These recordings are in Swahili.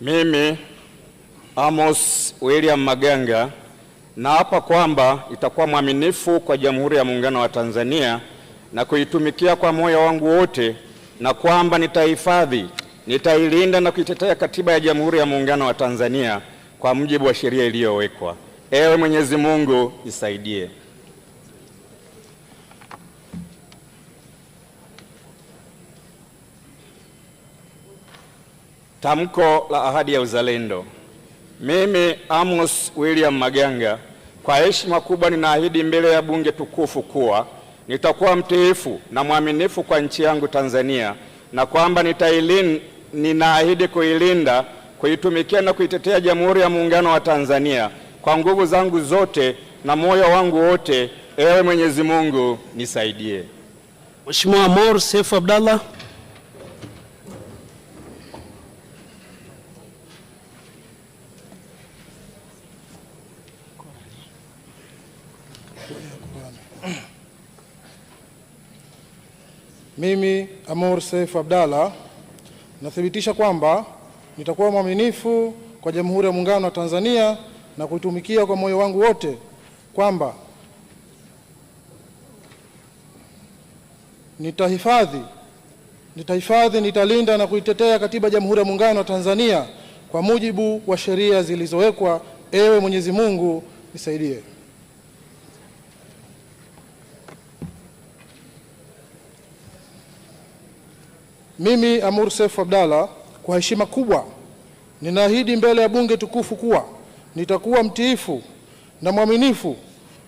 Mimi Amos William Maganga naapa kwamba itakuwa mwaminifu kwa Jamhuri ya Muungano wa Tanzania na kuitumikia kwa moyo wangu wote, na kwamba nitahifadhi, nitailinda na kuitetea Katiba ya Jamhuri ya Muungano wa Tanzania kwa mujibu wa sheria iliyowekwa. Ewe Mwenyezi Mungu nisaidie. Tamko la ahadi ya uzalendo. Mimi Amos William Maganga, kwa heshima kubwa ninaahidi mbele ya bunge tukufu kuwa nitakuwa mtiifu na mwaminifu kwa nchi yangu Tanzania na kwamba nitailin, ninaahidi kuilinda, kuitumikia na kuitetea Jamhuri ya Muungano wa Tanzania kwa nguvu zangu zote na moyo wangu wote. Ewe Mwenyezi Mungu nisaidie. Mheshimiwa Amor Sefu Abdallah. Mimi Amor Seif Abdalla nathibitisha kwamba nitakuwa mwaminifu kwa Jamhuri ya Muungano wa Tanzania na kuitumikia kwa moyo wangu wote, kwamba nitahifadhi, nitahifadhi, nitalinda na kuitetea Katiba ya Jamhuri ya Muungano wa Tanzania kwa mujibu wa sheria zilizowekwa. Ewe Mwenyezi Mungu nisaidie. Mimi Amur Seif Abdalla, kwa heshima kubwa, ninaahidi mbele ya bunge tukufu kuwa nitakuwa mtiifu na mwaminifu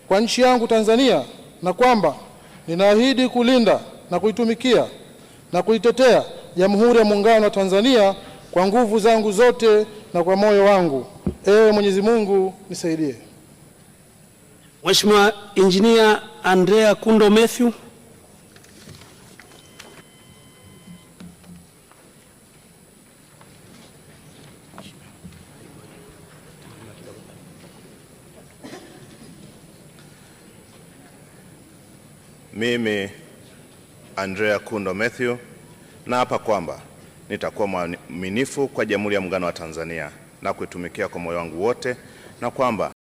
kwa nchi yangu Tanzania, na kwamba ninaahidi kulinda na kuitumikia na kuitetea Jamhuri ya Muungano wa Tanzania kwa nguvu zangu zote na kwa moyo wangu. Ewe Mwenyezi Mungu nisaidie. Mheshimiwa Injinia Andrea Kundo Mathew. mimi Andrea Kundo Mathew hapa kwamba nitakuwa mwaminifu kwa Jamhuri ya Muungano wa Tanzania na kuitumikia kwa moyo wangu wote na kwamba